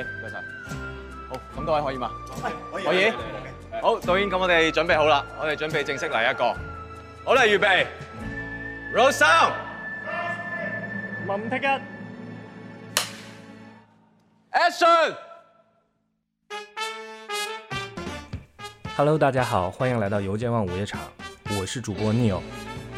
唔該晒！好，咁多位可以嘛，哎？可以，可以，哎、好、哎，導演，咁我哋準備好啦，好，我哋準備正式嚟一個，好啦，預備，Rose，林聽一，Action，Hello，大家好，歡迎來到油尖旺午夜場，我是主播 Neil